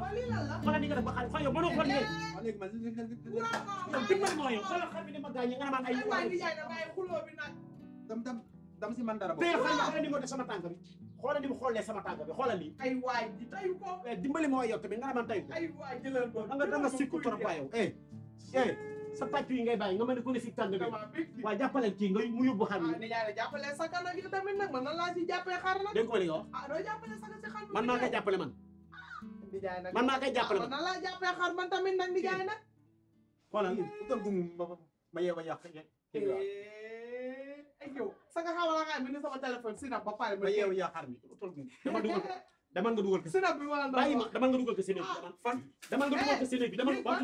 wala ni nga def ba xaar fa yow mënoo ko liggéey léegi man dimbali ma yow xoolal xar bi ne ma gaañee nga naan ay xuloo bi nag dam dam dam si man dara boobu xoolal ni ma def sama tànk bi xoolal ni mu xoolee sama tànk bi xoolal lii ay waay di tayu ko dimbali ma yow tamit nga ne man tayu ko ay waay jëlal ko da nga da nga sikku trop waay yow eh eh sa tàcc yi ngay bàyyi nga mel ni ku ne si tànn bi waaw jàppale kii nga mu yóbbu xar yi ni ñaare jàppale sa kanam yi tamit nag man nan laa si jàppee xar nag dégg nga li nga wax ah doo jàppale sa si xar man maa nga jàppale man nijaay nag man maa koy jàppale. man laa jàppee xar man nag nijaay ma yee ba yàq ak yow sa nga xamal nga ni sama téléphone sinap ba pare. ma yeewu yaa xar mi utal nga dugal ko. sinap bi wala bàyyi ma dama nga dugal ko si néeg bi fan. a a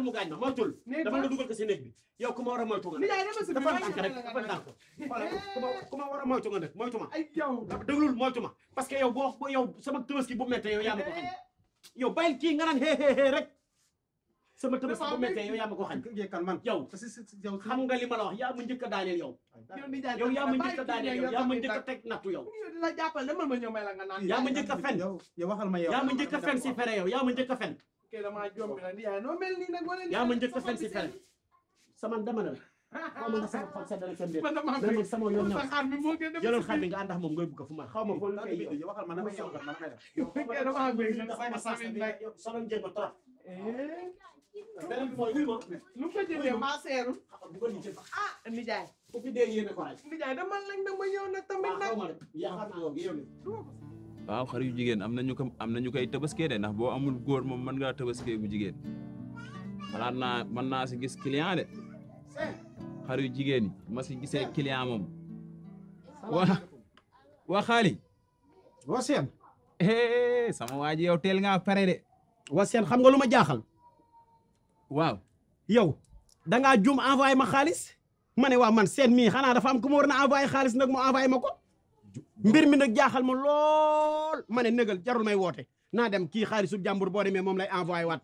moytu nga nag moytu ma. ay yow ma parce que yow boo yow sama tabaski bu méttee yow yaa ma ko yow bàyyil kii nga naan hee hee hee rek sama tëb bu méttee yow yaa ma ko xañ yow xam nga li yaa ma njëkk a daaneel yow yow yaa ma njëkk a daaneel yow yaa ma njëkk a nattu yow yaa ma njëkk a fen yaa ma njëkk a si fere yow yaa ma njëkk a fen yaa ma njëkk fen si fere sama dama na xaw ma nga sama xol seddale man sama yoon ñëw ko jëndee maa seeru bu ko jënd ah nijaay ku fi dee yéene ko ah, rek nijaay tamit nag waaw xar yu jigéen am nañu ko am nañu koy tabaskee de ndax boo amul góor moom man ngaa tabaskee bu jigéen xalaat naa mën si gis client de xar yu jigéen yi ma si gisee client moom wa xaali wa seen sama waa ji yow teel ngaa pare de wa xam nga lu ma jaaxal waaw yow dangaa juum envoyé ma xaalis ma ne waa man seen mii xanaa dafa am ku ma war na envoyé xaalis nag mu envoyé ma ko mbir mi nag jaaxal ma lool ma ne nëgal jarul may woote naa dem kii xaalisu jàmbur boo demee moom lay envoyé waat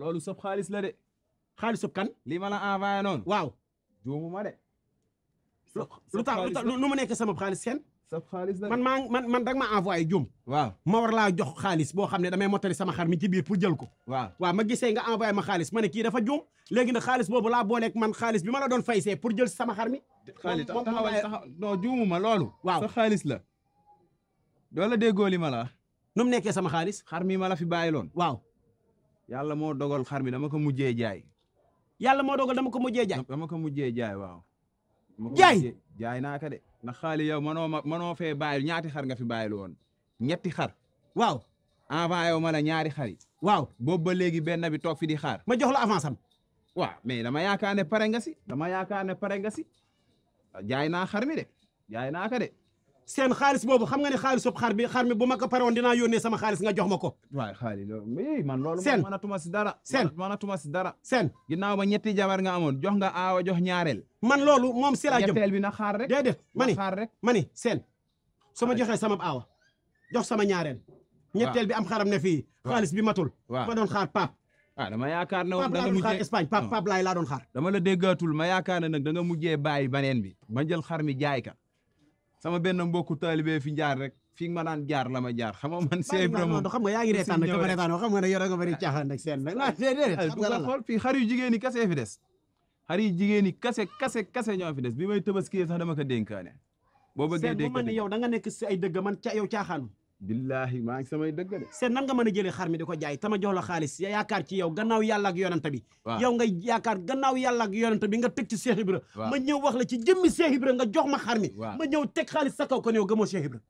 loolu sab xaalis la de xaalisub kan. li ma la envoyé noonu. waaw. juumu ma de. lu tax lu nekk sama xaalis kenn. man maa man man dag ma envoyé juum. waaw ma war laa jox xaalis boo xam ne damay mottali sama xar mi ci biir pour jël ko. waaw ma gisee nga envoyé ma xaalis ma ne kii dafa juum. léegi nag xaalis boobu laa booleeg man xaalis bi ma la doon fay see pour jël sama xar mi. xaalis taxawalee taxaw non juumu ma loolu. waaw sa xaalis la. doo la déggoo li ma la. nu nekke sama xaalis. xar mi ma la fi bàyyi loon. waaw. yàlla moo dogal xar mi dama ko mujjee jaay. yàlla moo dogal dama ko mujjee jaay dama ko mujjee jaay waaw jaay jaay naa ko de ndax xaali yow manoo ma manoo fee bàyyi ñaati xar nga fi bàyyil woon ñetti xar waaw avant yow ma la ñaari xar waaw boobu ba léegi benn bi toog fi di xaar ma jox la avance am waaw mais dama yaakaar ne pare nga si dama yaakaar ne pare nga si jaay naa xar mi de jaay naa ko de seen xaalis boobu xam nga ne xaalisoo xar bi xar mi bu ma ko pare woon dinaa yónnee sama xaalis nga jox ma ko. waaw xaalis loolu man loolu. seen mënatuma si dara. seen mënatuma si dara. seen ginnaaw ba ñetti jabar nga amoon jox nga aawa jox ñaareel. man loolu moom si laa bi na xaar rek. déedéet mani mani seen su ma joxee sama aawa jox sama ñaareel. ñetteel bi am xaram ne fii. xaalis bi matul. ma doon xaar paap. ah dama yaakaar ne woon da nga mujjee Espagne paap ah. paap laay laa xaar. dama la déggatul ma yaakaar ne nag da mujjee bàyyi baneen bi ma jël xar mi jaay ka sama benn mbokku taalibe fi jaar rek fi ma daan jaar la ma jaar xam nga man Cheikh Ibrahima xam nga yaa ngi reetaan nag dama reetaan xam nga ne yore nga bari ah. caaxaan nag seen nag laa déedéet ah, xool fii xar jigéen yi kase fi des xar yu jigéen yi kase kase kase ñoo fi des bi may tabaski sax dama ko dénkaane boo bëggee dénkaane yow da nga nekk si man ca yow caaxaanu billahi maa ngi samay dëgg de. seet nga mën a jëlee xar mi di ko jaay tama jox la xaalis yaakaar ci yow gannaaw yàlla ak yonante bi yow nga yaakaar gannaaw yàlla ak yonante bi nga teg ci Cheikh Ibra ma ñëw wax la ci jëmmi Cheikh Ibra nga jox ma xar mi ma ñëw teg xaalis sakaw kaw kon yow gëmoo Cheikh Ibra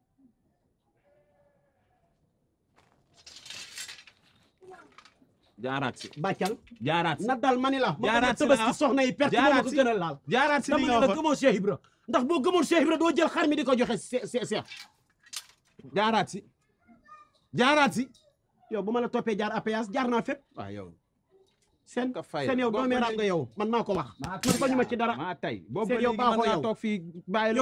jaaraat si bàccal jaaraat si la jaaraat si tëbës ci ko a laal jaaraat si dama ne la gëmoo Cheikh Ibra ndax boo gëmoon Cheikh Ibra doo jël xar mi di ko joxe Cheikh jaaraat si jaaraat si yow bu ma la toppee jaar APS jaar naa fepp waaw yow seen seen yow doomeeraam nga yow man maa ko wax man bañu ma ci dara maa tay boobu yow baaxoo yow toog fii bàyyi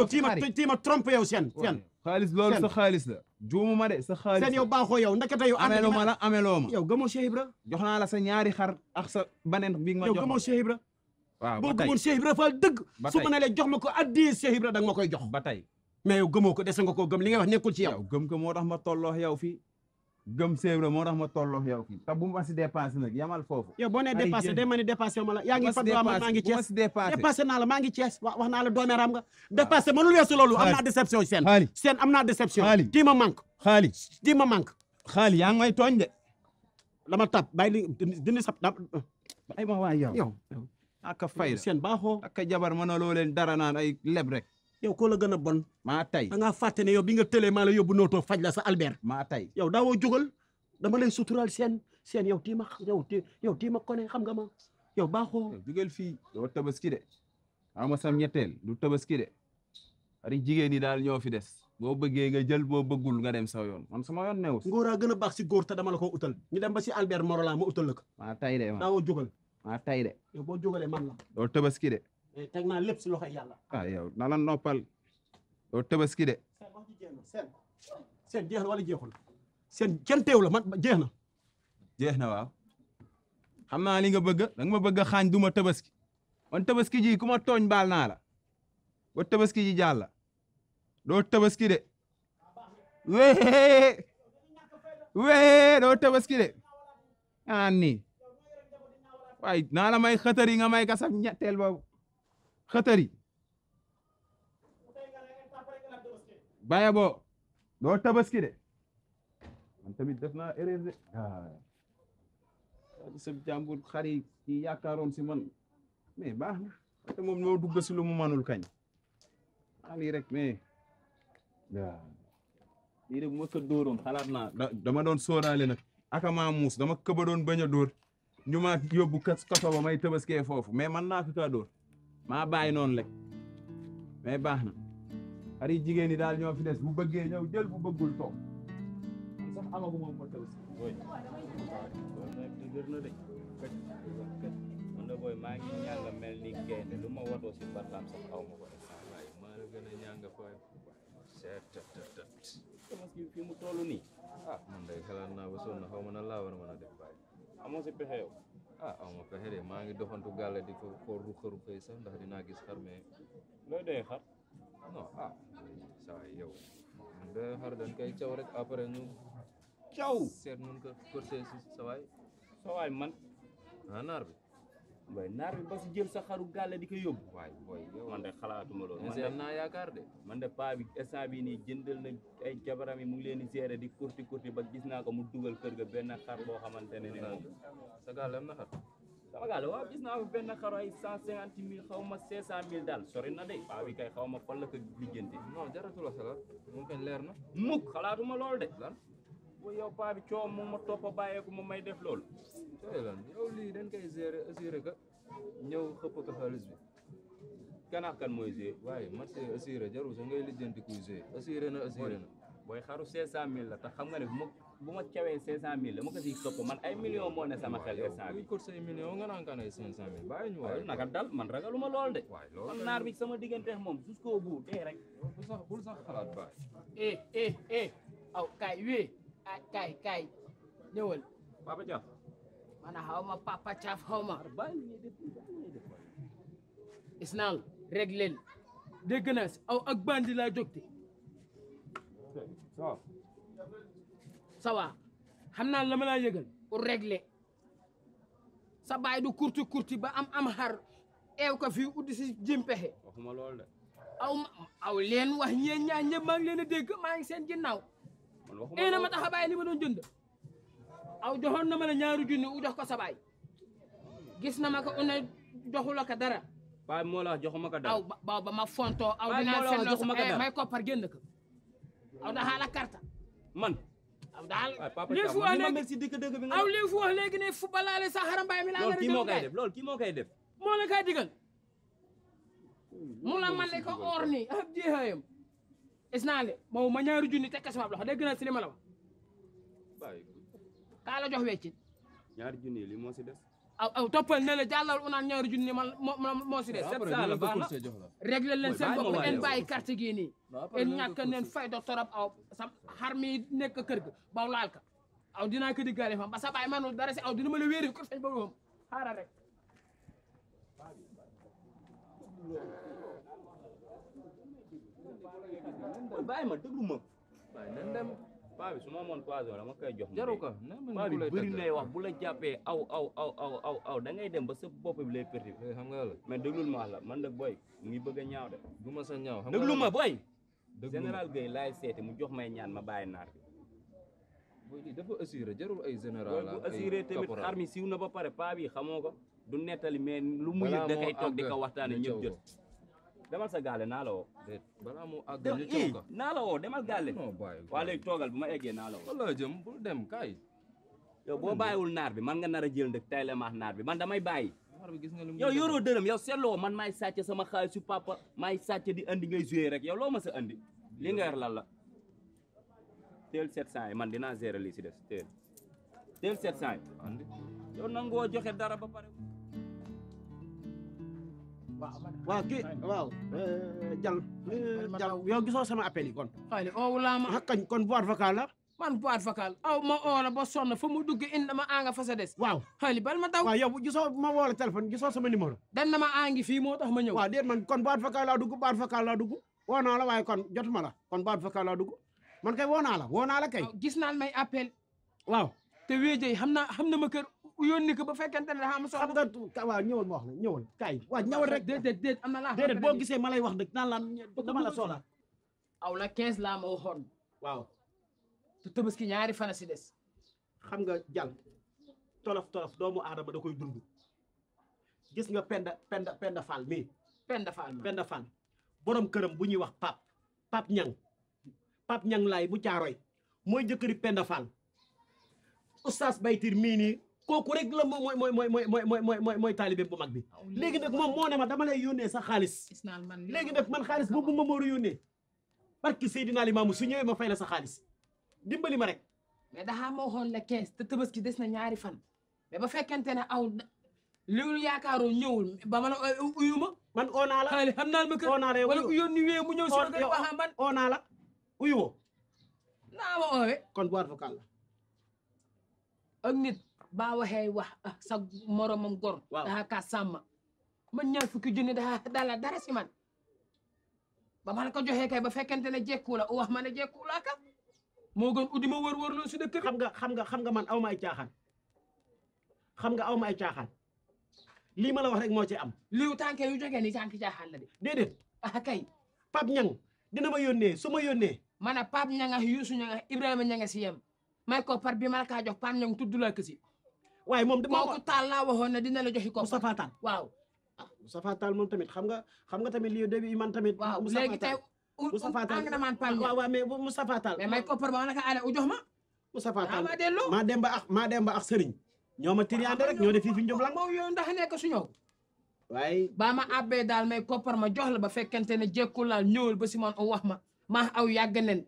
yow xaalis loolu xaalis la juumu ma sa xaalis seen yow baaxoo yow ndekete ma la ameloo ma yow gëmoo Cheikh jox naa la sa ñaari xar ak sa beneen bi ma jox yow gëmoo Cheikh Ibra waaw boo gëmoon ma la ko addiyee Cheikh Ibra ma koy jox ba tey mais yow gëmoo ko dese nga koo gëm li ngay wax nekkul ci yow. gëm ko moo tax ma tolloo yow fii gëm séeréer moo tax ma tolloo yow fii. te bu ma si dépassé nag yamal foofu. yow boo nee dépassé day ma la. yaa ngi Patte naa la maa ngi nga. Ah. dépassé ma lu weesu loolu. am naa déception seen. am naa déception. di ma manque. xaali di ma manque. xaali yaa ngi may tooñ de. la ma tab bàyyi dindi sa ay ma waay yow. yow ak fayda seen baaxoo ak jabar mënaloo leen dara naan ay leb rek yow koo la gën a bon. maa tay da ngaa fàtte ne yow bi nga tëlee maa la yóbbu nootoo faj la sa Albert. maa tay yow daawoo jógal dama lay suturaal seen seen yow tiima yow ti yow tiima kone xam nga ma yow baaxoo. jógal fii doo tabaski de xam sam ñetteel du tabaski de ari jigéen ñi daal ñoo fi des. boo bëggee nga jël boo bëggul nga dem sa yoon man sama yoon newu. ngóoraa gën a baax si góor te dama la ko utal. ñu dem ba si Albert Morola ma utal ko. maa tay de ma daawoo yow boo jógalee man la. doo tabaski de. Eh, teg naa lépp si loxoy yàlla. Ah, yow na la noppal doo tabaski de. seen wax jeex na jeex na wala jeexul seen kenn teew la man jeex na. jeex na waaw xam naa li nga bëgg da ma bëgg a xaañ du ma tabaski man tabaski ji ku ma tooñ baal naa la ba tabaski ji jàll la doo tabaski de wee wee doo de aan nii naa la may xëtër yi nga may gasab ñetteel boobu xëtër yi bàyyi boo tabaski de man tamit def naa erreur de waaw ah. sa jàmbur xar yi si man mais baax na te moom moo dugg si lu mu manul kañ maa ngi rek mais waaw ah. lii de bu ma ko dóoroon xalaat dama doon sóoraale nag aka maa muus dama këba doon bañ a dóor ñu ma yóbbu kas kaso may tabaskee foofu mais man naa ko kaa dóor maa bàyyi noonu rek mais baax na xar jigéen ñi daal ñoo fi des bu bëggee ñëw jël bu bëggul toog man sax amagu moom ma taw si man da booy maa ngi ñànga mel ni gaynde lu ma watoo si barlaam sax ko waaye maa la gën a ñànga fay tabaski fii mu toll nii ah, man day xalaat naa ba sonn xaw ma na laa war a mën a def bàyyi amoo si pexe ah aw ma pexe de maa ngi doxantu gàlle di ko xool ruqa-ruqa sax ndax dinaa gis xar mais looy dee xar non ah saa yow man xar dañ koy caw rek après ñu caw seet nun ko corsé si sawaay man a ah, naar bi waaye naar bi ba si jël sa xaru gàlle di ko yóbbu. waay booy man de xalaatuma loolu. man naa yaakaar de. man de paa bi instant bii nii jëndal na ay jabaram mu ngi leen di di kurti kurti ba gis naa ko mu dugal kër ga benn xar boo xamante ne ni moom. sa gàlle am na xar. sama gàlle waaw gis naa ko benn xaru ay cent cinquante mille xaw ma cinq cent mille daal sori na de. paa bi kay xaw ma fan la ko lijjanti. non jaratula xalaat moom kañ leer na. mukk xalaatuma loolu de. lan. yow paa bi coow ma topp a bàyyeeku ma may def loolu. dañ koy gérer assuré ka ñëw xëpp ko xaalis bi kan ak kan mooy gérer waaye man see assuré jarul sa ngay lijjanti kuy gérer assuré na assuré na booy xaru 500000 la tax xam nga ne bu ma bu ma cawee 500000 la ma ko xëpp man ay millions moo ne sama xel instant bi ko say nga naan kan ay 500000 bàyyi ñu waaye naka dal man ragaluma lool de man naar bi sama digganteex moom jusqu'au bout dee rek bul sax bul sax xalaat bàyyi eh eh eh aw kaay wee ah mana xaw ma papa caaf xaw ma isnaal réglel dégg naa aw ak bandi laa jógte ça va xam naa la ma laa yëgal pour régler sa baay du kurti kurti ba am am xar eew ko fii uddi si jim pexe waxuma loolu de aw aw leen wax ñeen ñaa ñëpp maa ngi leen a dégg maa ngi seen ginnaaw ee na ma tax a bàyyi li ma doon jënd aw joxoon na ma na ñaari junni u jox ko sa gis na ma ko une joxula ko dara. waaye moo la joxuma ko dara aw ba ba ma fontoo aw dinaa fenn joxuma ko eh, dara may koppar génn ko aw daxaa la carte man aw daal léegi aw lii sa xarambaay mi laa kii moo koy def loolu moo la koy digal mu la man le ko or nii ab ah, jeexayam is naa le ma ñaari junni teg ko sama loxo dégg naa si li ma la kaa la jox weccit ñaari junni li moo si des aw aw toppal ne la jàllal unaan ñaari junni man moo si des sept cent la baax na réglé leen seen bopp ngeen bàyyi carte gii nii en ñàkk neen fay do aw sa mi nekk kër ga ka aw dinaa ko diggaale fam ba sa baay manul dara si aw dina ma la wéeri sañ ba wam xaaral paa su ma moon poison la ma koy jox. jaru ko paa bi bëri nay wax bu la jàppee aw aw aw aw aw da ngay dem ba sa bopp bi lay perte. Eh, xam nga la mais déglul ma la man de boy mu ngi bëgg a ñaaw de. du ma sa ñaaw xam nga ma boy. général Gueye laay seeti mu jox may ñaan ma bàyyi naar bi. booy lii dafa assuré jarul ay général ak ay tamit xar mi siiw na ba pare paa bi xamoo ko du nettali mais lu mu yëg da kay toog di ko waxtaane ñëpp jot. demal sa gaale naa la woo. balaa mu àgg ñu eh, demal gaale. non bàyyi toogal bu ma eggee naa la woo. wala jëm bul dem kaay. yow boo naar bi man nga nar a jël ndëkk tay la maax naar bi man may bàyyi. yow yoroo dërëm yow seetloo man maay sàcc sama xaalisu papa maay sàcc di andi ngay joué rek yow loo ma sa andi. li nga yor lan la. teel 700 yi man dinaa gérer lii si des teel. teel 700 waaw kii waaw jal eh, eh, jal eh, yow gisoo sama appel yi kon xayli oowu laa ma ah, kañ kon boîte vocale la man boîte vocale aw ma oola ba sonn fa mu dugg indi ma anga fa sa des waaw xayli bal ma taw waaw yow gisoo ma woola téléphone gisoo sama numéro dan na ma angi fii moo tax ma ñëw waaw man kon boîte vocale laa dugg boîte vocale laa dugg woo naa la waaye kon jotuma la kon boîte vocale laa dugg man kay woo naa la woo naa kay gis naan may appel waaw te wéejëy naa xam na yónni ko ba fekkente ne dafa am soxla. xam nga waaw ñëwal ma wax la ñëwal kay. waaw ñëwal rek déedéet déet am na laa. déedéet boo gisee ma lay wax dëgg naan la dama la soxla. aw la 15 laa ma waxoon. waaw. te tabaski ñaari fan si des. xam nga jàll tolof tolof doomu aadama da koy dund. gis nga Penda Penda Penda Fall mii. Penda Fall Penda Fall. borom këram bu ñuy wax pap pap ñang pap ñang laay bu caaroy mooy jëkkëri Penda Fall. oustaz Baytir mii nii kooku rek la mooy mooy mooy mooy mooy mooy mooy mooy taalibe bu mag bi léegi nag moom moo ne ma dama lay yónnee sa xaalis léegi nag man xaalis boobu ma mooru yónnee barki Seydina Limaamu su ñëwee ma fay la sa xaalis dimbali ma rek mais daxaa ma waxoon la kees te tabaski des na ñaari fan mais ba fekkente ne aw loolu yaakaaroo ñëwul ba ma la euh, euh, uyu man oonaa la xaalis xam naa ma kër oonaa la wala uyoon ni mu ñëw si kër waxa man oonaa la uyu woo naa ma oowee kon bu avocat la ak nit baa waxee wax sa moromam gor. waaw ka kaa sàmm. man ñaar fukki junni daa dala dara si man. ba ma la ko joxee kay ba fekkente ne jekku la wax ma ne jekku laa ka moo gën uddi ma wër-wër loo si dëkk xam nga xam nga xam nga man aw ma ay caaxaan. xam nga aw ma ay caaxaan. lii ma la wax rek moo ci am. liw tànke yu jógee nii tànki caaxaan la de. déedéet. ah kay. Pape dina ma yónnee su ma yónnee. ma ne Pape Niang ak Youssou Niang ak Ibrahima Niang si yem. may ko par bi ma kaa jox Pape Niang tudd laa kësi waaye moom de kooku Tall laa waxoon na dina la joxi ko Moustapha Tall waaw ah Moustapha moom tamit xam nga xam nga tamit liy début man tamit waaw léegi tey Moustapha Tall angaman pal waaw waaw mais Moustapha Tall mais may koppar ba naka ale jox ma Moustapha Tall ma delloo maa demba ak maa demba ak sëriñ ñoo ma tiriande rek ñoo def fi ñu la moom yow ndax nekk su ñëw waaye baa ma abbee daal may koppar ma jox la ba fekkente ne jekkul laal ñëwal ba si man o wax ma maa aw yàgg nen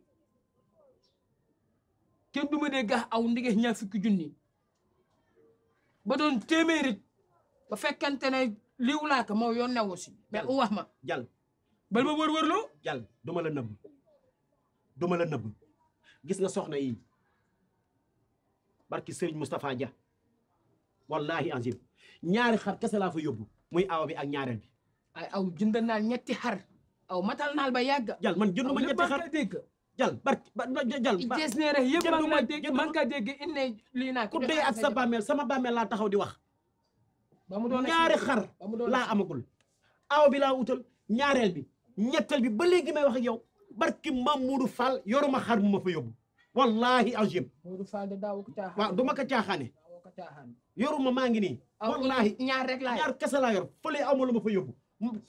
kenn du ma dee gax aw ndigee ñaar fukki ba doon téeméerit ba fekkente ne lii wulaaka moo yoon newu si. mais u wax ma jal bal ma wër-wërloo. jal du ma la nëbb du ma la nëbb gis nga soxna yi barki Serigne Moustapha Dia wallahi angim ñaari xar kese laa fa yóbbu muy aw bi ak ñaareel bi. ay aw jënd naal ñetti xar aw matal naal ba yàgg. jal man jënduma ñetti xar jal barki ba jal des ne rek yëpp man nga dégg man inne lii naa ku dee ak sa bàmmeel sama bàmmeel laa taxaw di wax ba mu doon ñaari xar laa amagul aaw bi laa utal ñaareel bi ñetteel bi ba léegi may wax ak yow barki mam Moodu Fall yoruma xar mu ma fa yóbbu wallahi azim Moodu Fall de daawu ko caaxaan waaw du ma ko caaxaane yoruma maa ngi nii wallahi ñaar laa ñaar kese laa yor fële aw ma lu ma fa yóbbu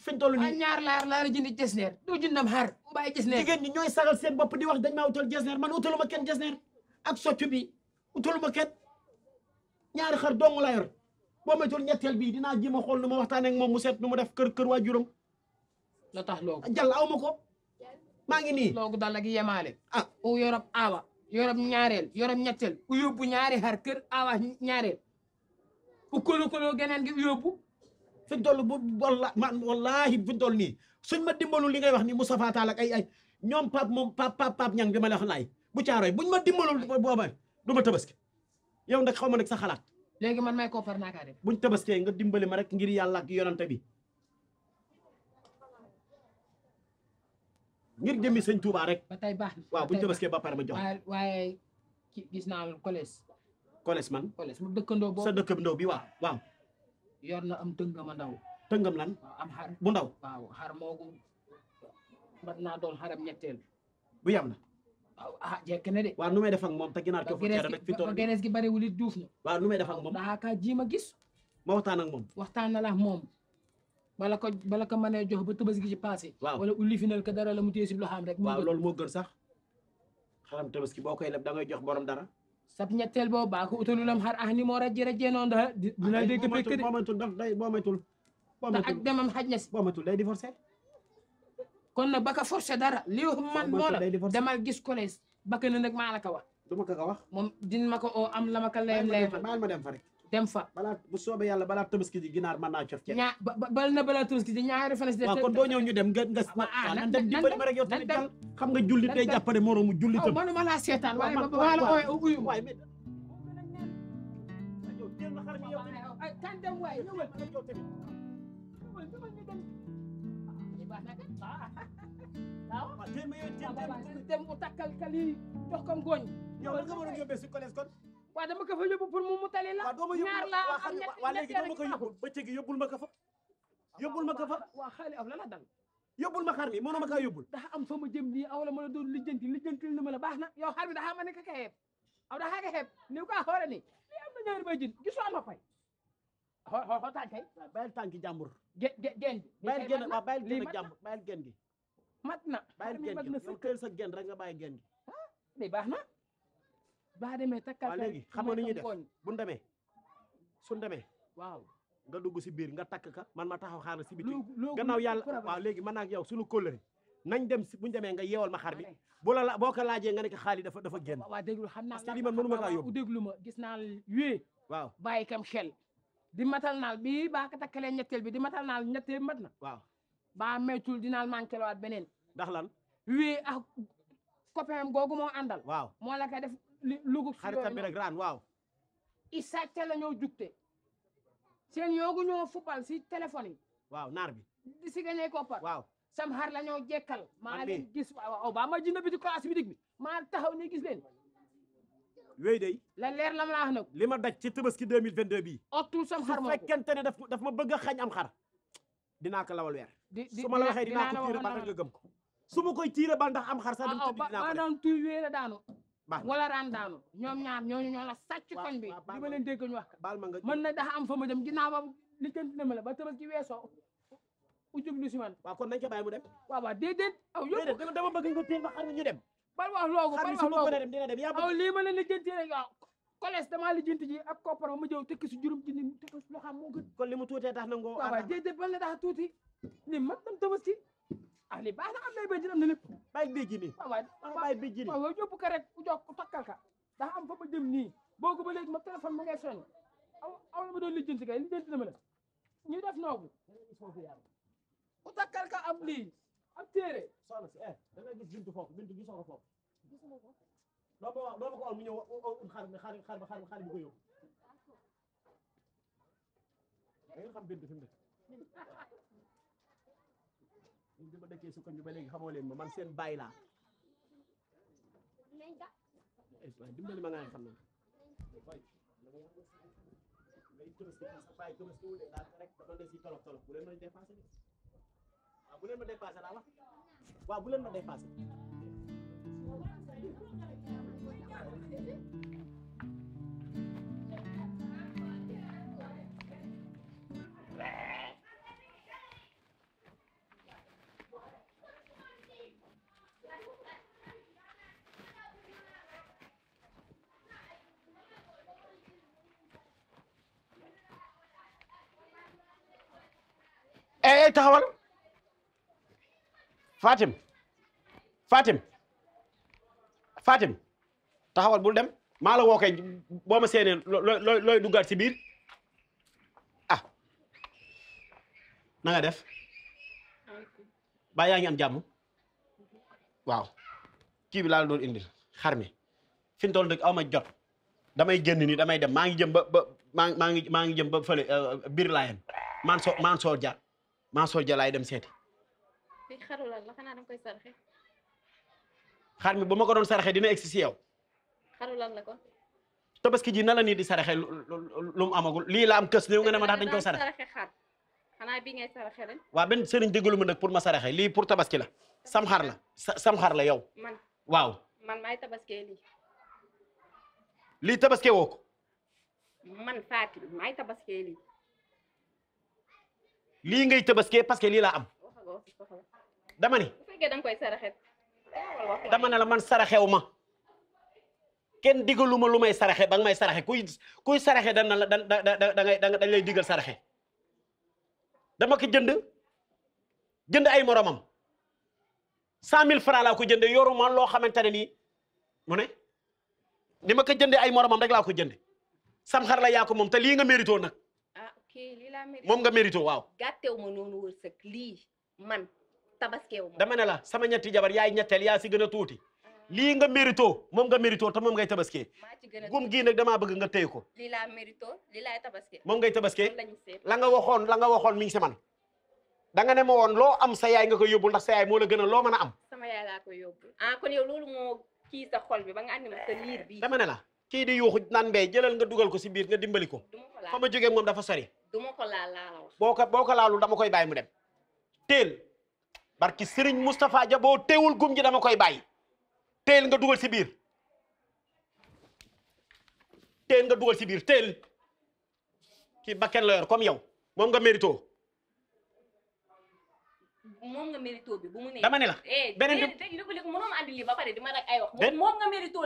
fi nii ah, ñaar laa laa la jëndi des neer doo ku bàyyi jesneer jigéen ñi ñooy sagal seen bopp di wax dañ maa utal jesneer man utaluma kenn jesneer ak soccu bi utaluma kenn ñaari xar dong la yor boo moytuwul ñetteel bii dinaa ji ma xool nu ma waxtaanee ak moom mu seet nu mu def kër kër waa juróom. la tax loogu jàll aw ma ko ngi ni loogu dal ak yemaale. ah u yorob aawa yorob ñaareel yorob ñetteel u yóbbu ñaari xar kër aawa ñaareel u kolo kolo geneen gi u yóbbu. fi mu toll bu wallaahi fi mu toll suñ ma dimbalul li ngay wax ni mu Tall ak ay ay ñoom pap moom pap pap pap ñang bi ma la wax naay bu caaroy buñ ma dimbalul booba du ma tabaski yow nag xaw ma nag sa xalaat léegi man may koopar naakaa def buñ tabaskee nga dimbali ma rek ngir yàlla gi yonante bi ngir jëmmi sëñ Touba rek ba tey baax waaw buñ tabaskee ba pare ma jox waaye gis naa collège collège man collège mu dëkkandoo boobu sa dëkkandoo bi waaw waaw yor na am dëng ma daw tëngam lan. am xar bu ndaw. waaw xar moogu mën naa doon xaram ñetteel. bu yam na. waaw ah jekk na de. waa nu may def moom te ginaar coofu cere rek. fi toll gi bariwul it duuf na. waaw nu may def ak moom. daa kaa ji ma gis. ma waxtaan ak moom. waxtaan na la moom. bala ko bala jox ba tëbës gi ci passé. waaw wala ulli final ko dara la mu téye si loxaam rek. waaw loolu moo gën sax. xaram tabaski boo koy leb da ngay jox borom dara. sab ñetteel boobu baa ko utalulam xar ah ni moo rajje a noonu da dina ah, dégg pekk de boo matul ak demam xaj na si. boo matul day divorcé. kon nag ba ka dara. li man moo la demal gis collège. bakk na nag maa la ko wax. du ma ko ko wax. moom din ma ko o am la ma ko layam ma dem fa rek. dem fa balaa bu soobee yàlla balaa ji ginaar mën naa cof ceeb. ba bal na balaa tabaski ji ñaari fan si. waaw kon doo ñëw ñu dem nga nga. a ah, ah, nan dem dimbali ma rek yow tamit dal xam nga jullit day jàppale moroomu jullitam. waaw oh, manuma laa seetaan waaye ba ba la ooyee uyu. waay mais. yow jéem a xar mi yow tamit. ay kan dem waaw jéem a yéen jéem jéem dem mu takkal kali jox ko ngooñ. yow lan nga mën a yóbbee si collège kon. waaw dama ko fa yóbbu pour mu mu tali la. waaw doo ma yóbbu ñaar la am ñett ñett léegi doo ma ko yóbbul bëccëg gi yóbbul ma ko fa. yóbbul ma ko fa waaw xaali aw la la dal. yóbbul ma xar mi mënoo ma kaa yóbbul. dafa am fa ma jëm nii aw la ma la doon lijjanti lijjantil na ma la baax na yow xar mi dafa ma nekk ka xeeb aw dafa ka xeeb ni ko ah, xoole ni lii am na ñaari bay jën gisoo ma fay xool xool tànk kay. bayal tànk jàmbur. ge ge gen bayal gen waaw bayal gen ak jàmbur bayal gen gi mat na bàyyi gen gi yow teel sa gen rek nga bàyyi gen gi ah, mais baax na baa demee takkal waaw léegi xam nga nu ñuy def bu demee su demee waaw nga dugg si biir nga takk ka man ma taxaw xaar si biti gannaaw yàlla waaw léegi man ak yow suñu kóllëre nañ dem si buñu demee nga yeewal ma xar bi bu la boo ko laajee nga ne ko xaalis dafa dafa génn waaw déglu xam naa parce que lii man mënuma laa yóbbu déglu ma gis naa yée waaw bàyyi kam xel di matal naal bii baa ko takkalee ñetteel bi di matal naal ñetteel mat na waaw baa méttul dinaa manqué la beneen. ndax lan. wii ak copain googu moo àndal. waaw moo la koy def lugu. xaritam bi rek raan waaw. isacca la ñoo jugte seen yoogu ñoo fubal si téléphone yi. waaw naar bi. di si gañee koppar. waaw sam xar la ñoo jekkal. maa leen gis waaw ba ma jinda bi di classe bi dig bi maa taxaw ni gis leen. wéy day la leer lam laa wax nag. li ma daj ci tabaski 2022 bii. ottul sam xar ma ko su fekkente ne daf ma bëgg a xañ am xar. dinaa ko lawal weer. di di su ma la waxee dinaa ko tiire bal nga gëm ko. su ma koy tiire bal ndax am xar sax. dama ah, tëdd dinaa ko def maanaam tuy wéere daanu. wala raan daanu ñoom ñaar ñooñu ñoo la sàcc koñ bi li ma leen dégg ñu wax. baal ma nga mën na dax am fa ma jëm ginnaaw ba li gën dina ma la ba tëbal ci weesoo. ujub lu si man. waaw kon nañ ko bàyyi mu dem. waaw waaw déedéet. aw yëpp déedéet dama bëgg nga téye ba xar ñu dem. bal wax loogu bal wax loogu xar mi su ma mën a dem dina dem yaa bëgg aw lii ma leen lijjanti rek waaw collège damaa lijjanti ji ak koppar ba ma jëw tekki si juróom ji ni tekki loo xam moo gën kon li mu tuutee tax na ngoo waaw waaw déedéet ba la tax tuuti ni man tam tabaski ah li baax na am nay béjjin am na lépp bàyyi béjjin ah, yi waaw waaw bàyyi béjjin yi waaw yóbbu ka rek u jokk takkal ka ndax am fa ma jëm nii boogu ba léegi ma téléphone ma ngay soñ aw aw la ma doon lijjanti kay lijjanti na ma la ñu def noogu ku takkal ka am lii am téere soxna si eh, da nga gis bintu foofu bintu gisoo ko foofu doo ko wax doo ma ko ol mu ñëw xaaral ma xaaral ma xaaral ma xaaral ma ko yóbbu da ngeen xam bint ba léegi xamoo leen ma man seen baay laa waaye dimbali ma nga xam ne day tëbëski parce que bàyyi tëbëski leen bu leen ma dépassé de waaw ma dépassé laa leen ma dépassé ay eh, eh, taxawal Fatim Fatim Fatim taxawal bul dem maa la woo boo ma séenee looy looy duggaat si biir ah na def baa yaa ngi am jàmm waaw kii bi laa la doon xar mi fi mu toll rek aw ma jot damay génn ni damay dem maa ngi jëm ba ba maa ngi maa ngi jëm ba fële euh, biir laa yem man soo man soo ja man soo ja laay dem seeti. xar mi bu ma ko doon saraxe dina egsi si yow. xaru lan la kon. tabaski ji na la nii di saraxe lu mu amagul lii la am kës néew nga ne ma ndax dañ koy saraxe xar xanaa bi ngay saraxe rek waa benn sëriñ déggalu ma nag pour ma saraxe lii pour tabaski la sam xar la sam xar la yow man waaw man maay tabaskee lii lii tabaskee woo ko man Fatim maay tabaske lii lii ngay tabaskee parce que lii laa am dama ni koy saraxe dama ne la man saraxew ma kenn digaluma lu may saraxe ba nga may saraxe kuy kuy saraxe dana la dan da da ngay dañ lay digal saraxe dama ko jënd jënd ay moromam cent mille francs laa ko jënde yoruma loo xamante ne nii mu ne ni ma ko jënde ay moromam rek laa ko jënd sam xar la yaa ko moom te lii nga mérito nag ah, moom nga mérito waaw gàttew ma noonu wërsëg lii man tabaskew ma dama ne la sama ñetti jabar yaay ñetteel yaa si gën a tuuti lii nga mérito moom nga mérito te moom ngay tabaskee. gum gii nag damaa bëgg nga téye ko. lii laa mérito lii laay moom ngay tabaskee la nga waxoon la nga waxoon mi ngi si man. da ne ma woon loo am sa yaay nga koy yóbbul ndax sa yaay moo la gën a loo mën a am. sama yaay laa koy ah, kon yow loolu moo kii sa xol bi ba nga andi ma sa liir bi. dama ne la kii di yuuxu naan mbay jëlal nga dugal ko si biir nga dimbali ko. du ma ko ma jógee moom dafa sori. du ko laal laa boo ko boo ko laalul dama koy bàyyi mu dem. teel barki Serigne Moustapha Dia boo teewul gum ji dama koy bàyyi teel nga dugal ci biir teel nga dugal ci biir teel kii bakken la yor comme yow moom nga mérito. moom nga mérito bi bu dama ne la eh, beneen bi eh mënoon andi lii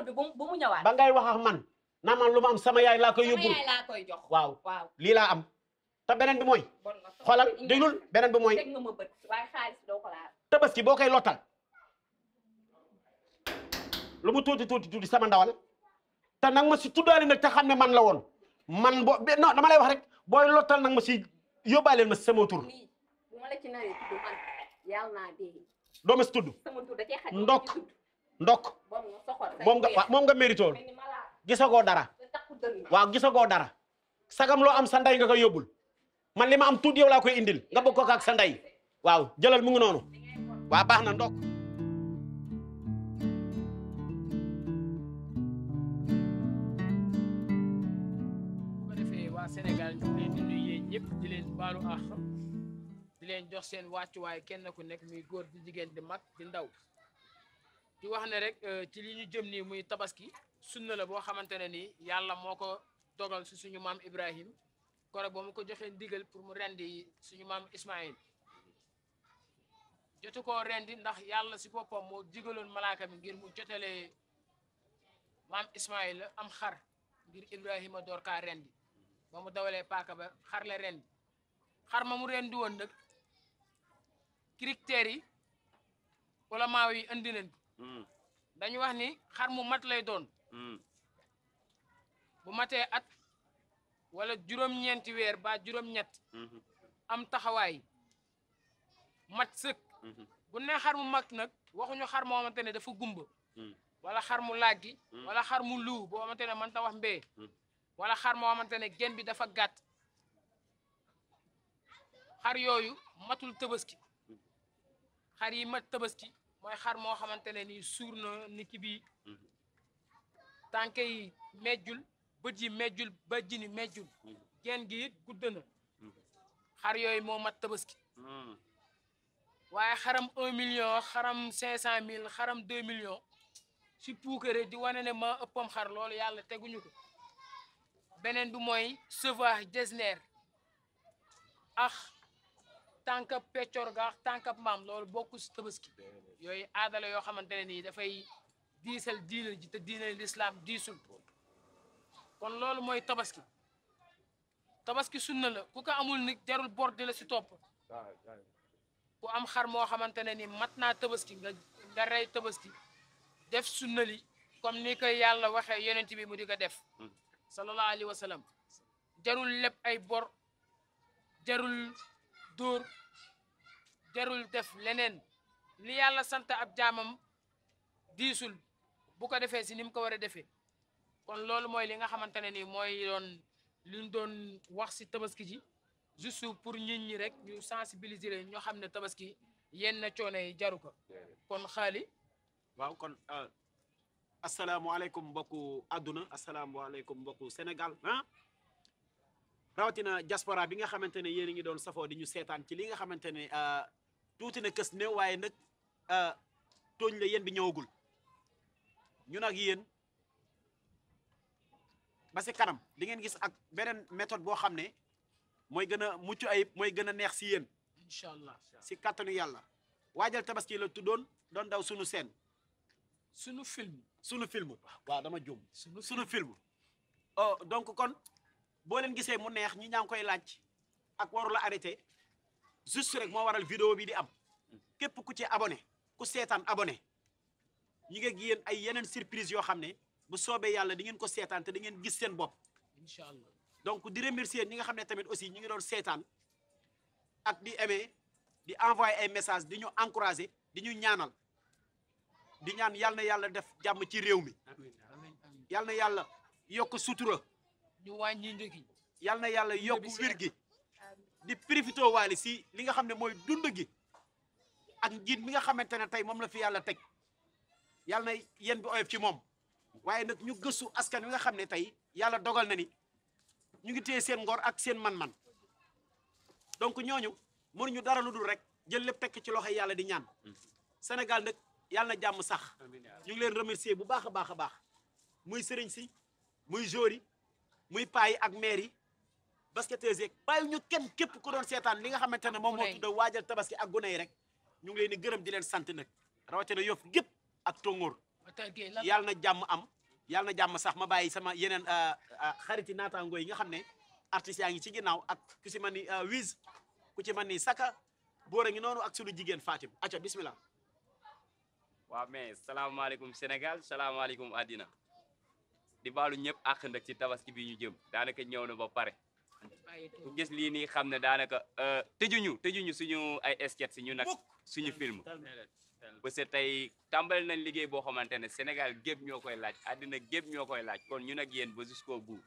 bi bu mu ñëwaat. ba ngay wax ak man naa man lu ma sama yaay laa koy yóbbul sama lii laa am. te beneen bi mooy. xoolal déglul beneen bi mooy. teg nga ma boo koy lottal. lu mu tuuti tuuti tuuti sama ndawal la te nag ma si tuddaale na te xam ne man la woon man boo non dama lay wax rek booy lottal nag ma si yóbbaaleel ma si sama tur. doo ma si tudd. ndokk ndokk moom nga waaw moom nga méritool gisagoo dara waaw gisagoo dara sagam loo am sa ndey nga ka yóbbul man li ma am tuut yow laa koy indil nga bokk kaak ak sa ndey waaw jëlal mu ngi baax na ndokk baalu àq di jox seen wàccuwaay kenn ku nekk muy góor di jigéen di mag di ndaw di wax ne rek euh, ci li ñu jëm nii muy tabaski sunna la boo xamante ne nii yàlla moo ko dogal si suñu maam Ibrahim koro ba mu ko joxee ndigal pour mu rendi suñu maam Ismaïl jotu ko rendi ndax yàlla si boppam moo jigaloon malaaka mi ngir mu jotalee maam Ismaïl am xar ngir Ibrahima door kaa rendi ba mu dawalee paaka ba xar la rendi xar ma mu rendi woon nag critères yi wala maaw yi andi hmm. dañu wax ni xar mu mat lay doon hmm. bu matee at wala juróom-ñeenti weer ba juróom-ñett hmm. am taxawaay mat sëkk bu ne xar mu mag nag waxuñu xar moo xamante ne dafa gumba wala xar mu laggi walla xar mu luu boo xamante ne mën wax mbee wala xar moo xamante ne gen bi dafa gàtt xar yooyu matul tabaski xar yi mat tabaski mooy xar moo xamante ne suur na ni ki bii tànk yi mejjul bët yi mejjul bajjini mejjul genn gi it gudd na xar yooyu moo mat tabaski waaye xaram un million xaram cinq cent mille xaram deux millions si puukare di wane ne ma ëppam xar loolu yàlla teguñu ko beneen bi moy sauvage desner tànkab peccor gaax tànkab maam loolu bokku si yooyu aada yoo xamante ne nii dafay diisal diina ji te diina lislaam diisul kon loolu mooy tabaski tabaski sunna la ku ko amul nit jarul bor di la si topp ku am xar moo xamante ne ni mat naa tabaski nga nga rey tabaski def sunna li comme ni ko yàlla waxee yonent bi mu di ko def hmm. sallallahu alayhi wa jarul lépp ay bor jarul dóor jarul def leneen li yàlla sant ab jaamam diisul bu ko defee si nim mu ko war a defee kon loolu mooy li nga xamante ne nii mooy doon li ñu doon wax si tabaski ji juste pour nit ñi rek ñu sensibiliser ñoo xam ne tabaski yenn coono yi jaru ko kon xaali waaw kon euh, asalaamaaleykum mbokku àdduna asalaamaaleykum mbokku Sénégal ah rawatina diaspora bi nga xamante ne yéen a ngi doon safoo di ñu seetaan ci li nga xamante ne euh, tuuti na kës ne waaye nag euh, tooñ la yéen bi ñëwagul ñu nag yéen ba si kanam di ngeen gis ak beneen méthode boo xam ne mooy gën a mucc ayib mooy gën a neex si yéen. incha allah si kàttanu yàlla. waajal tabaski la tuddoon doon daw sunu seen. sunu film. sunu film waa dama juum. sunu film sunu film. Oh, kon. boo leen gisee mu neex ñi ñaa koy laaj ak waru la arrêté juste rek moo waral vidéo bi di am képp ku ci abone ku seetaan abone ñi nga yéen ay yeneen surprise yoo xam ne bu soobee yàlla di ngeen ko seetaan te di ngeen gis seen bopp incha allah donc di remercier ñi nga xam ne tamit aussi ñi ngi doon seetaan ak di aimer di envoyer ay message di ñu encourager di ñu ñaanal di ñaan yàlla yàlla def jàmm ci réew mi yàlla yàlla yokk sutura ñu wàññi njëg yi yal na yàlla yokk wir gi di profité waale si li nga xam ne mooy dund gi ak njiit mi nga xamante ne tey moom la fi yàlla teg yal na yéen bi oyof ci moom waaye nag ñu gëstu askan wi nga xam ne tey yàlla dogal na ni ñu ngi téye seen ngor ak seen man-man donc ñooñu mënuñu dara lu dul rek jël lépp tekk ci loxo yàlla di ñaan mm. Sénégal nag yàlla na jàmm sax ñu ngi leen remercier bu baax a baax a baax muy sëriñ si muy jóori muy paa ak maire yi basketteurs yeeg bàyyi ñu kenn képp ku doon seetaan li nga xamante ne moom moo tudd waajal tabaski ak gune yi rek ñu ngi leen di gërëm di leen sant nag rawatina yof gépp ak tóngoor yàlla na jàmm am yàlla na jàmm sax ma bàyyi sama yeneen euh, euh, xariti naataangoo yi nga xam ne artistes yaa ngi ci ginnaaw ak ku ci mel ni euh, Wiz ku ci mel ni Saka boor a ngi noonu ak sunu jigéen Fatim aca bismillah waaw mais salaamaaleykum Sénégal salaamaaleykum àddina di baalu ñëpp àq nag ci tabas tabaski bi ñu jëm daanaka ñëw na ba pare ku gis lii nii xam ne daanaka euh, tëjuñu tëjuñu suñu ay sketch si ñu su ñu film parce que tey tàmbali nañ liggéey bo xamante ne Sénégal gépp ñoo koy laaj àddina gépp ñoo koy laaj kon ñu nag yéen ba jusqu'au bout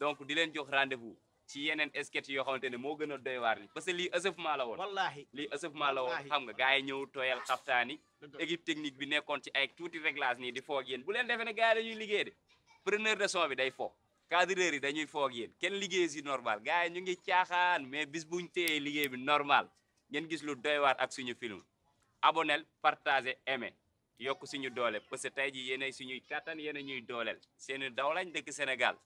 donc di leen jox rendez-vous ci yeneen sketch yoo xamante moo gën a doy waar li parce que lii échauffement la woon wallaahi lii échauffement la woon xam nga gars yi ñëw tooyal xaftaani équipe technique bi nekkoon ci ay tuuti réglage nii di foog yéen bu leen defee ne gars yi dañuy liggéey preneur de son bi day fo cadreur yi dañuy foog yéen kenn liggéey si normal gars ñu ngi caaxaan mais bis buñ téyee liggéey bi normal ngeen gis lu doy waar ak suñu film abonel partager aimer yokk suñu doole parce que tey jii yéenay suñuy kattan yéena ñuy dooleel seeni daw lañ dëkk Sénégal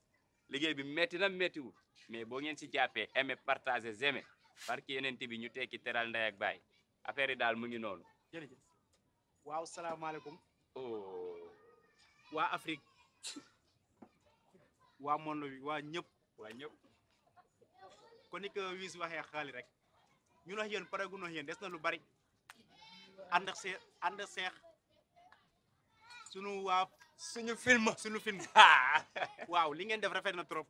liggéey bi métti na méttiwul mais boo ngeen si jàppee aimer partage aimer parce que yeneen bi ñu tekki teral ndey ak baay affaire yi daal mu ngi noonu. jërëjëf oh. waa Afrique. waa monde bi waa ñëpp waa ñëpp kon ni ko wiis xaali rek ñun wax yéen pare gu ñu des na lu bari ànd ak see ànd ak seex sunu waa suñu film suñu film waaw li ngeen def rafet na trop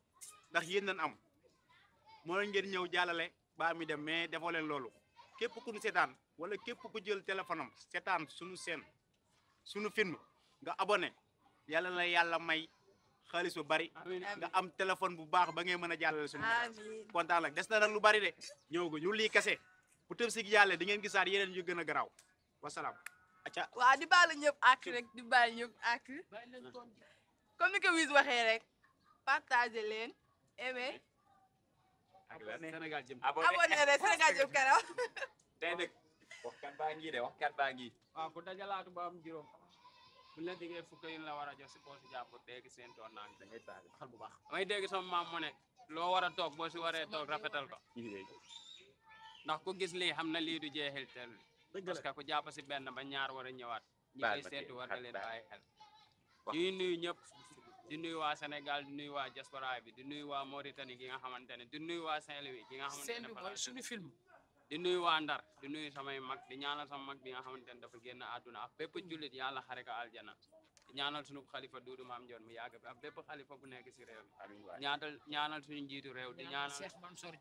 ndax yéen nañ am moo leen ngeen ñëw jàllale baa mi dem mais defoo leen loolu képp ku ñu seetaan wala képp ku jël téléphone am seetaan suñu seen suñu film nga abonné yàlla la yàlla may xaalis bu bari nga am téléphone bu baax ba ngay mën a jàllale suñu kontaan des na nag lu bari de ñëw gu ñu lii kese bu tëb si yàlla di ngeen gi saar yeneen yu gën a garaaw wasalaam acca waaw di baal ñëpp ak comme ni ko waxe rek partagé leen aimé abonné rek Sénégal jëm kanam de waxkat baa ngi waaw buñ la diggee fukk yi la war a jox si boo si jàpp dégg seen tool naa da ngay taal bu baax. damay dégg sama maam ne loo war a toog boo i waree toog rafetal ko. ndax ku gis lii xam na lii du jeexil teel. parce que ku jàpp si benn ba ñaar war a ñëwaat. ñi koy seetu war na leen bàyyi xel. ñuy nuyu ñëpp di nuy waa senegal di nuyu waa diaspora bi di nuyu waa Mauritanie gi nga xamante ne di nuyu waa Saint-Louis gi nga xamante ne. seen film. di nuyu waa Ndar di nuyu samay mag di ñaanal sama mag bi nga xamante ne dafa génn àdduna ak bépp jullit yàlla xare ko aljana di ñaanal sunu xalifa Doudou Mame Ndione mu yàgg bi ak bépp xalifa bu nekk si réew di ñaatal ñaanal suñu njiitu réew di ñaanal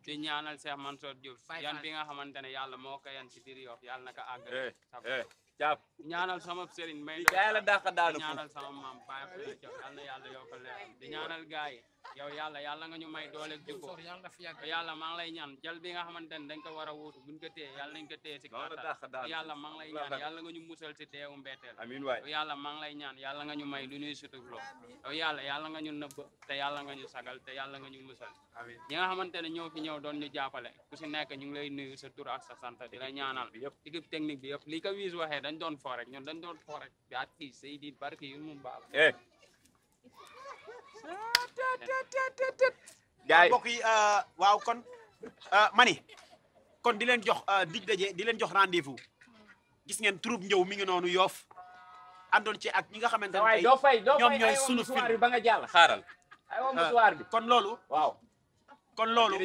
di ñaanal Cheikh Mansour yan bi nga xamante ne yàlla moo ka yan si biir Yoff yàlla na ko àggal eh, eh, jàpp ñaanal sama sëriñ may ñaanal sama maam Baye Abdoulaye Diop yàlla na yàlla yokkal leeram di ñaanal gaay yow yàlla yàlla nga ñu may doole jikko yàlla maa ngi lay ñaan jël bi nga xamante ne dañ ko war a wuutu buñ ko téye yàlla nañ ko téye si kàttan yàlla maa ngi lay ñaan yàlla nga ñu musal si teewu mbetteel amiin waay yàlla lay ñaan yàlla nga ñu may lu ñuy suturloo yow yàlla yàlla nga ñu nëbb te yàlla nga ñu sagal te yàlla nga ñu musal ñi nga xamante ne ñoo fi ñëw doon ñu jàppale ku si nekk ñu lay nuyu ak sa di la ñaanal équipe technique bi yëpp li ko wiis waxee dañ doon fo rek ñun dañ doon bi at kii say diit barke yu gaay mbokk yi euh, waaw kon euh, mani kon di leen jox euh, dig daje di leen jox rendez-vous gis ngeen troupe njëw mi ngi noonu yoof àndoon ci ak ñi nga xamante ne tey ñoom ñooy sunu film ba nga jàll xaaral bi kon loolu waaw kon loolu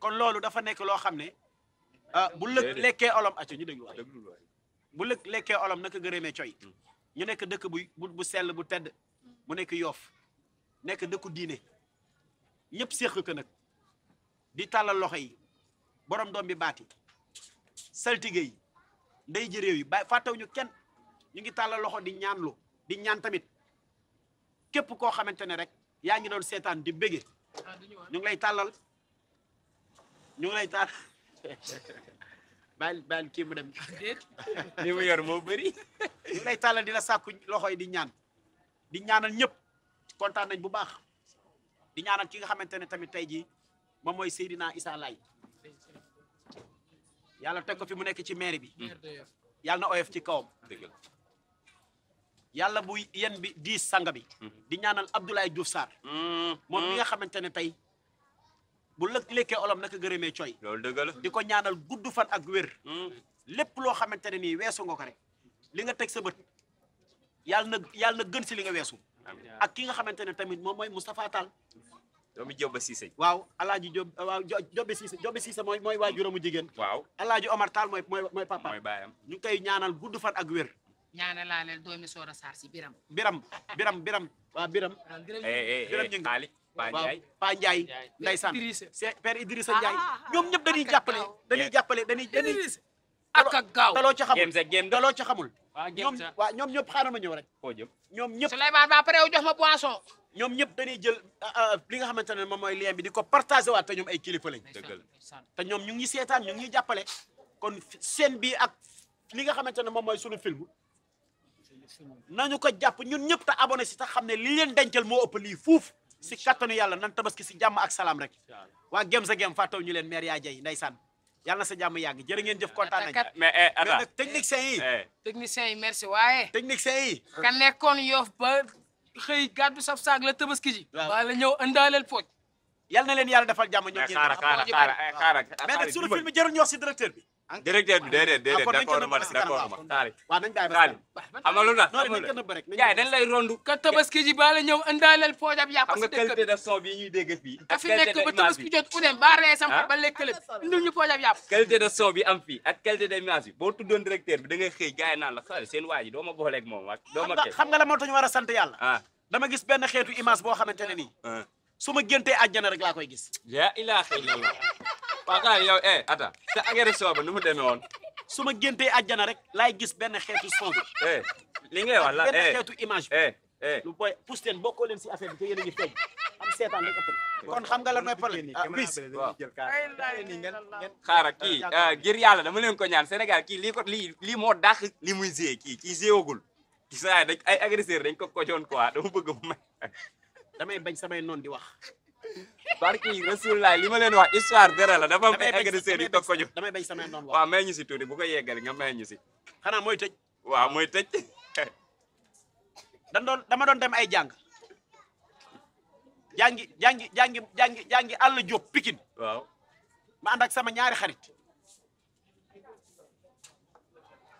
kon loolu dafa nekk loo xam ne bu lëg lekkee olom acco ñu déglu waay bu lëg lekkee olom naka gërëmee coy mm. ñu nekk dëkk bu bu sell bu tedd mu nekk yoof nekk dëkku diine ñëpp séq ko nag di tàllal loxo yi borom doom bi baati saltige day ndey jëréew yi ba fàttaw ñu kenn ñu ngi tàllal loxo di ñaanlu di ñaan tamit képp koo xamante ne rek yaa ngi doon seetaan di bége ñu ngi lay tàllal ñu lay tàll baal baal kii dem li mu yor moo bari ñu ngi lay tàllal dina la sàkku loxo yi di ñaan di ñaanal ñëpp kontaan nañ bu baax di ñaanal ki nga xamante ne tamit tey jii moom mooy Seydina Issa yàlla teg ko fi mu nekk ci mairie bi yàlla na oyof ci kawam yàlla bu yen bi diis sanga bi mm-hmm. di ñaanal Abdoulaye Diouf Sarr mm-hmm. moom mi nga xamante ne tey bu lëkk lekkee olom naka gërëmee coy loolu dëgg di ko ñaanal gudd fan ag wér mm-hmm. lépp loo xamante ne nii weesu nga ko rek li nga teg sa bët yàlla na yàlla na gën si li nga weesu ak ki nga xamante ne tamit moom mooy Moustapha Tall. doomu Jobbe Cissé. waaw Alaaji Job uh, waaw Jobbe Cissé Jobbe Cissé mooy mooy waajur mu jigéen. waaw Alaaji Omar Tall mooy mooy mooy papa. mooy ñu koy ñaanal gudd fan ak wér. ñaanal laa leen doomi Soora Sarr si Biram. Biram Biram Biram waaw Biram. Eh, eh, Biram ñu eh, ngi Aliou Paa Ndiaye Paa Ndiaye. Ndeysaan Père Idrissa Ndiaye. Ah, ah, ah, ñoom ñëpp dañuy jàppale dañuy jàppale ak ak gaaw daloo ci xamul daloo ci xamul. waaw ñoom waaw ñoom ñëpp xaaral ma ñëw rek. koo jëm ñoom ñëpp Souleymane ba pare jox ma boisson. ñoom ñëpp dañuy jël ah, ah, li nga xamante ne moom mooy lien bi di ko partagé waat te ñoom ay kilifa lañ. dëgg la te ñoom ñu ngi seetaan ñu ngi jàppale. kon scène bi ak li nga xamante ne moom mooy sunu film. nañu ko jàpp ñun ñëpp te abonné si tax xam ne li leen dencal moo ëpp lii fuuf. si kattanu yàlla nan tabaski si jàmm ak salaam rek. waa Géem sa Géem fàttaw ñu leen maire yaa jay ndeysaan yàlla sa jàmm yàgg jër ngeen jëf kontaan nañ mais eh, mais nag technicien yi. Eh. technicien yi merci waaye. technicien yi. ka nekkoon yoof ba xëy gàddu saf saag la tabaski ji. waaw la ñëw indaaleel pooj. yal na leen yàlla defal jàmm ñoom. ñoom ñoom ñoom ñoom ñoom ñoom ñoom ñoom ñoom ñoom ñoom ñoom directeur bi déedéet ah, déedéet d'accord ma d'accord ma taali taali amalu na yaay dañ rondu ka tabaski ji bala ñëw indaaleel foojab yàpp xam nga qualité de ba tabaski jot ku dem ba ree sam ah? ba lekkale indil ñu foojab yàpp qualité de son bi am fii ak qualité de image bi boo tuddoon directeur bi da ngay xëy gars naan la sali seen waa ji doo moom ak doo ma xam nga la moo tax ñu war a ah. dama gis benn xeetu image boo xamante ne nii su ma géntee àjjana rek laa koy gis ya ilaaha illallah waa ka yow eh ata te agression ba nu mu demee woon su ma géntee àjjana rek laay gis benn xeetu son bi eh li ngay wax la benn eh, xeetu image bi eh, eh lu booy pousse leen bokkoo leen si affaire bi te yéen a ngi feeñ am seetaan rek kon xam nga lan mooy problème bis ah, ah, xaara kii ah, ngir yàlla dama leen ko ñaan Sénégal kii lii ko lii lii moo dàq li muy kii kii géewagul kii saa dañ ay agresseur dañ ko kojoon quoi dama bëgg mu may damay bañ samay noon di wax barke yi rasulullah li ma leen wax histoire dara la dafa am ay agresseurs yu toog ko ñu damay bañ sama doon wax may ñu si tuuti bu ko may ñu xanaa mooy tëj waaw mooy tëj dan doon dama doon dem ay jàng jàngi jàngi jàngi jàngi jàngi àll Diop Pikine waaw ma ànd ak sama ñaari xarit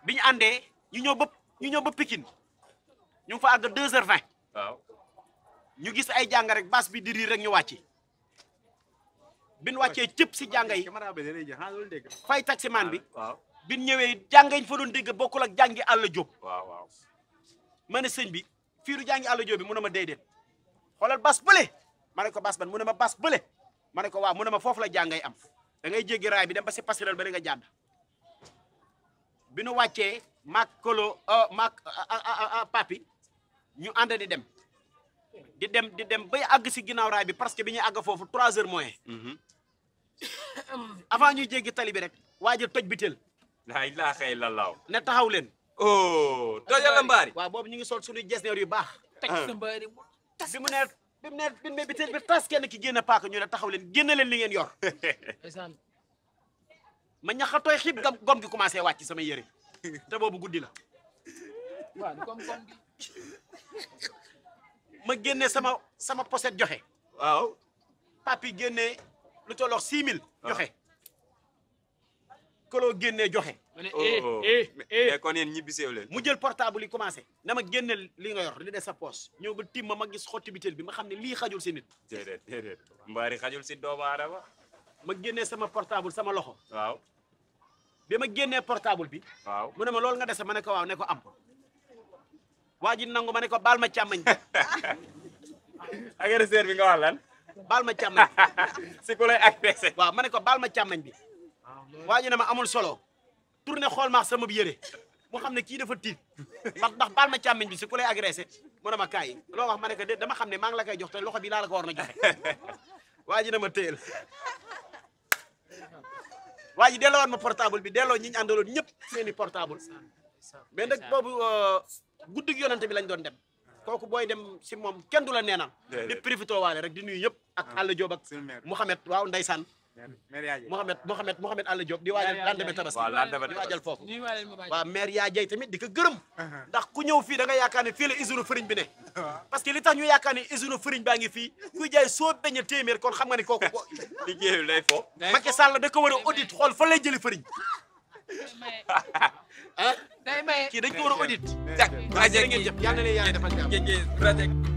bi ñu àndee ñu ñëw ba ñu ñëw ba Pikine ñu ngi fa àgg deux heures vingt waaw ñu gis ay jàng rek bas bi di riir rek ñu wàcci bin wàccee cëpp si jànga yi ah, fay taximaan bi ah, bin ñëwee jànga yi fa doon dégg bokkul ak jàngi àll jóob ma ne sëñ bi fiiru du jàngi jóob bi mu ne ma déedéet xoolal bas bële ma ne ko bas ba mu ma bas bële ma ne ko waaw mu ne ma foofu la jàngay am da ngay jéggi raay bi dem ba si passerelle ba da nga jàdd bi nu wàccee maak kolo euh, maak euh, euh, papi ñu ànd di dem di dem di dem bay àgg si ginnaaw raay bi parce que bi ñuy àgg foofu trois heures moins mm-hmm. avant ñuy jéggi tali bi rek waa ji toj bitel. la ilaha illallah. ne taxaw leen. a oh, tojal la mbaari. waaw boobu ñu ngi sol suñuy jesneer yu baax. toj sa mbaari mu tas bi mu ne bi mu ne bi mu ne bitel bi tas kenn ki génn paaka ñu ne taxaw leen génn leen li ngeen yor. ma ñaxatooy xib gam gom gi commencé wàcc sama yére te boobu guddi la. waaw gom gom ma génne sama sama poset joxe. waaw papi génne. lu tolloog 6000 ah. joxe. koloo génnee joxe. ma ne oh, eh eh eh kon leen. mu jël portable yi commencé. na ma génneel li nga yor li des sa poche. ñëw ba timma ma ma gis xotti biteel bi ma xam ne lii xajul si nit. déedéet déedéet xajul si doomu aadama. ma génne sama portable sama loxo. waaw. ma génnee portable bi. waaw mu ne ma loolu nga dese ma ne ko waaw ne ko am. waa ji nangu ma ne ko baal ma càmmañ. agresseur bi nga wax baal ma càmmañ si ku lay agressé waaw ma ne ko baal ma càmmañ bi waa ñu ne ma amul solo tourné xool ma sama bi yëre mu xam ne kii dafa tiit ndax ndax baal ma càmmiñ bi si ku lay agressé mu ne ma kaay loo wax ma ne ko dama xam ne maa ngi la koy jox te loxo bi laa la ko war na waa ji na ma téyel waa ji delloo waat ma portable bi delloo ñi ñu àndaloon ñëpp seeni portable mais nag boobu euh, guddig yonante bi lañ doon dem kooku booy dem si moom kenn du la neenaan di profité waale rek di nuyu ñëpp ak ah. Alla Diop ak Mouhamed waaw ndeysaan Mouhamed Mouhamed Mouhamed Alla Diop di waajal lendemain tabaski di waajal foofu waaw maire yaa jay tamit di ko gërëm ndax ku ñëw fii da yaakaar ne fii la usine fëriñ bi ne parce que li tax ñu yaakaar ne usine fëriñ baa ngi fii kuy jaay soo beñe téeméer kon xam nga ni kooku ko liggéey lay fo Sall da ko war a audit xool fa lay jëli fëriñ ah. day maye kii dañ ko war a audit. jàpp jàpp jàpp jàpp jàpp jàpp jàpp jàpp